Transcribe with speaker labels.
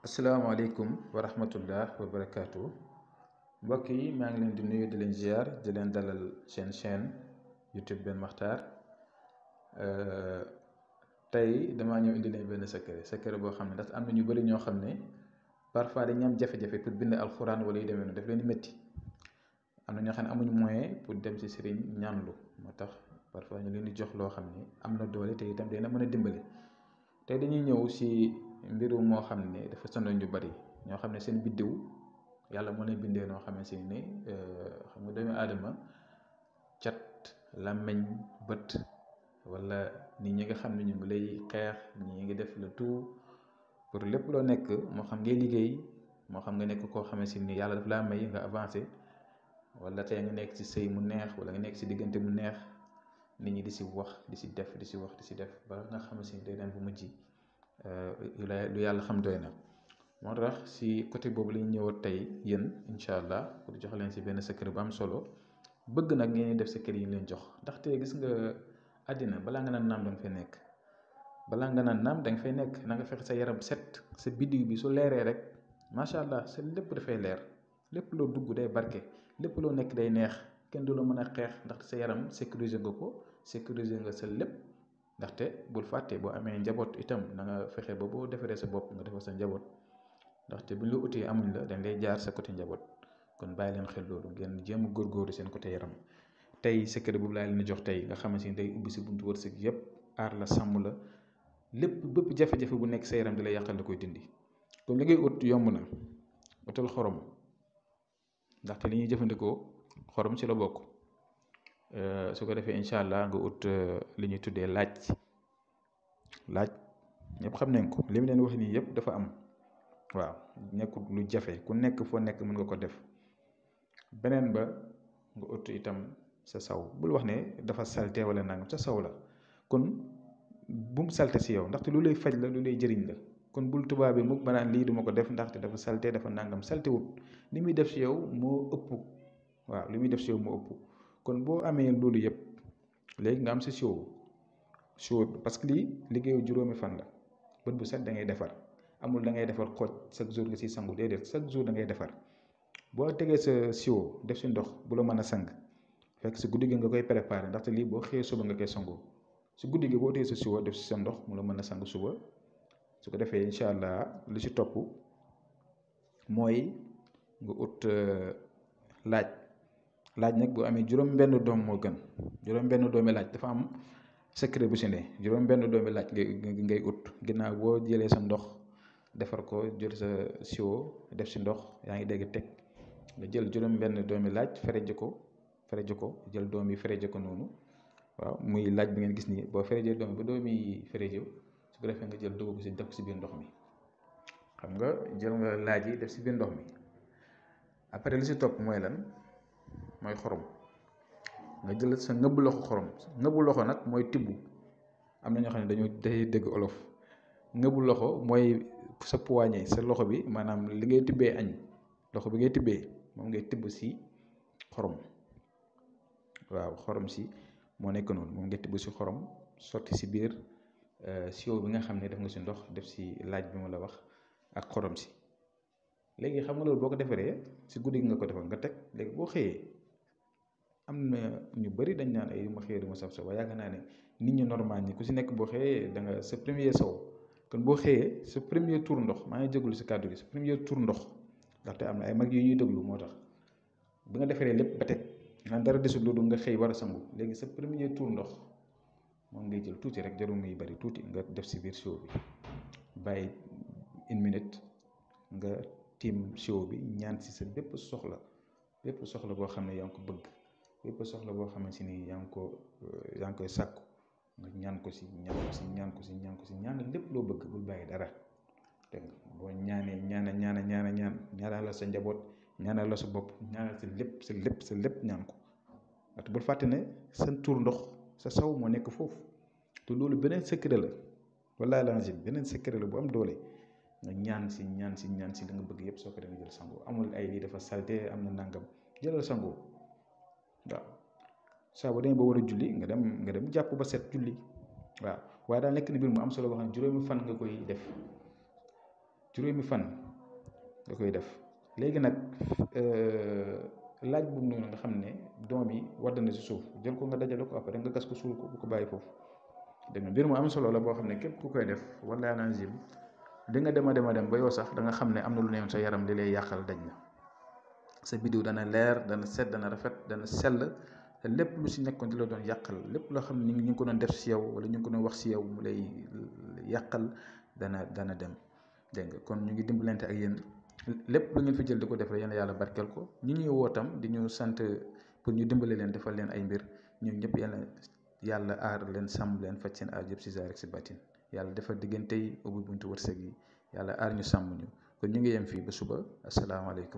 Speaker 1: asalaamaaleykum wa rahmatullah wa barakaatu mbokk yi maa ngi leen di nuyu di leen ziar di leen dalal seen chaîne YouTube Ben Makhtar euh, tey damaa ñëw indi leen benn secret secret boo xam ne ndax am na ñu bari ñoo xam ne parfois dañuy am jafe-jafe pour bind alxuraan wala yu deme noonu daf leen métti am na ñoo xam ne amuñu moyen pour dem ci sëriñ ñaanlu moo tax parfois ñu leen di jox loo xam ne am na doole te itam dina mën a dimbali tey dañuy mbiru moo xam ne dafa sonal ñu bari ñoo xam ne seen biddiw yàlla moo leen bindee noo xamante ne euh, xam nga doomu aadama cat làmmiñ bët wala nit ñi nga xam ne ñu ngi lay xeex ñi ngi def le tout pour lépp loo nekk moo xam ngay liggéey moo xam nga nekk koo xamante ni yàlla daf laa may nga avancé wala tey nga nekk si sëy mu neex wala nga nekk si diggante mu neex nit ñi di si wax di si def di si wax di si def ba nga si ni day dem bu mujj Eh, lu yàlla xam doy na moo tax si côté boobu lañ ñëw tey yéen incha allah pour jox leen si benn secret bu am solo bëgg nag ngeen def secret yi leen jox ndaxte gis nga àddina balaa nga naan naam da nga fay nekk balaa nga naan naam da nga fay nekk na nga fexe sa yaram set sa biddiw bi su leeree rek macha allah sa lépp dafay leer lépp loo dugg day barke lépp loo nekk day neex kenn du la mën a xeex ndaxte sa yaram sécuriser nga ko sécuriser nga sa lépp. ndaxte bul fàttee boo amee njaboot itam na nga fexe ba boo defaree sa bopp nga defal sa njaboot ndaxte buñ ñu utee amuñ la dañ lay jaar sa côté njaboot kon bàyyi leen xel loolu ngeen jéem a seen côté yaram tey secret boobu laa leen jox tey nga xamante ni day ubbi si buntu wërsëg yépp aar la sàmm la lépp bépp jafe bu nekk sa yaram di la yàqal da koy dindi comme li ngay ut yomb na utal xorom ndaxte li ñuy jëfandikoo xorom ci la bokk Euh, su ko defee incha allah nga ut euh, li ñuy tuddee laaj laaj ñëpp xam nañ ko li mu leen wax nii yëpp dafa am waaw nekkul lu jafe ku nekk foo nekk mën nga ko def beneen ba nga ut itam sa saw bul wax ne dafa salte wala nangam sa saw la kon bum salte si yow ndaxte lu lay faj la lu jëriñ la kon bul tubaab bi mukk ba lii duma ko def ndaxte dafa salte dafa nangam salte wut li muy def si yow moo ëpp waaw li muy def si yow moo ëpp. kon bo amé lolu yépp légui nga am ci show show parce que li liggéeyu juróomi fan la bëd bu set da ngay défar amul da ngay défar xooj chaque jour nga siy sangu déedéet chaque jour da ngay défar bo tegee ce show def ci ndox bu lo mëna sang fekk ci guddigi nga koy préparé ndaxte li bo xëyee suba nga koy sangoo ci guddigi bo boo ce show def ci sa ndox mu lo mëna sang suba su ko défé inshallah allah li si topp mooy nga ut euh, laaj laaj nag bu amee juróom benn doom moo gën juróom benn doomi laaj dafa am secret bu si ne juróom benn doomi laaj ngay ngay ut ginnaaw boo jëlee sa ndox defar ko jël sa siwo def si ndox yaa ngi dégg teg nga jël juróom benn doomi laaj fereje ko fereje ko jël doom yi fereje ko noonu waaw muy laaj bi ngeen gis nii boo ferejee doom ba doom yi fereje su ko defee nga jël dugg ko si def si biir ndox mi xam nga jël nga laaj yi def si biir ndox mi après li si topp mooy lan moy xorom nga jël sa nëbb loxo xorom nëbb loxo nak moy tibbu am na ñoo xamne dañu dañoo day dégg olof nëbb loxo moy sa poigné sa loxo bi manam li ngay tibbé añ loxo bi ngay tibbé mom ngay tibbu ci xorom waaw xorom ci mo nek non mom ngay tibbu ci xorom ci bir euh siow bi nga xamne def nga ci ndox def ci laaj bi ma la wax ak xorom ci légi xam nga loolu boo ko defaree si nga ko defal nga tek légui bo xeyé am na ñu bëri dañ naan ay ma xëyee du ma saf soow waaye yaakaar naa ne nit ñi normal ñi ku si nekk boo xëyee da nga sa premier sow kon boo xëyee sa premier tour ndox maa ngi jégalu si kàddu gi sa premier tour ndox ndaxte am ay mag yu ñuy déglu moo tax bi nga defaree lépp ba teg naan dara desul loolu nga xëy war a sangu léegi sa premier tour ndox moom ngay jël tuuti rek jarul muy bëri tuuti nga def si biir show bi bàyyi une minute nga tiim show bi ñaan si sa bépp soxla bépp soxla boo xam ne yaa ngi ko bëgg bépp soxla boo xamante si ni yaa ngi ko yaa ngi koy sàkku nga ñaan ko si ñaan ko si ñaan ko si ñaan ko si ñaan lépp loo bëgg bul bàyyi dara dégg nga boo ñaanee a ñaan a ñaan ñaanal la sa njaboot ñaanal la sa bopp ñaanal sa lépp sa lépp sa lépp ñaan ko ndax bul fàtte ne sa tur ndox sa saw moo nekk foofu te loolu beneen secret la wala langim beneen secret la bu am doole nga ñaan si ñaan si ñaan si li nga bëgg yëpp soo ko demee jël sangoo amul ay lii dafa salte am na nangam jëlal sangoo waaw saa boo demee ba war a julli nga dem nga dem jàpp ba set julli waaw waaye daal nekk na mbir mu am solo boo xam ne juróomi fan nga koy def juróomi fan nga koy def léegi nag euh, laaj boobu noonu nga xam ne doom yi wadd na si suuf jël ko nga dajale ko après nga gas ko suul ko bu ko bàyyi foofu dégg nga mbir mu am solo la boo xam ne képp ku koy def wala anangim di nga dem a dem dem ba yow sax da nga xam ne am na lu neewoon sa yaram li lay yàqal dañ na sa vidéo dana leer dana set dana rafet dana sel te lépp lu ci nekkon di la doon yàqal lepp lo xam ne ñu ko doon def ci yow wala ñu ko doon wax ci yow mu lay yàqal dana dana dem dégg kon ñu ngi dimbalante ak yéen lepp lu ngeen fi jël di ko def rek yéen yàlla ko ñi ñuy wotam di ñu sant pour ñu dimbale leen defal leen ay mbir ñun ñëpp yàlla yàlla aar leen sam leen faj seen aar yëpp si zaar ak si batin yàlla defal diggante yi ubbi buntu wërsëg yi yàlla aar ñu sàmm ñu kon ñu ngi yem fii ba suba asalaamaaleykum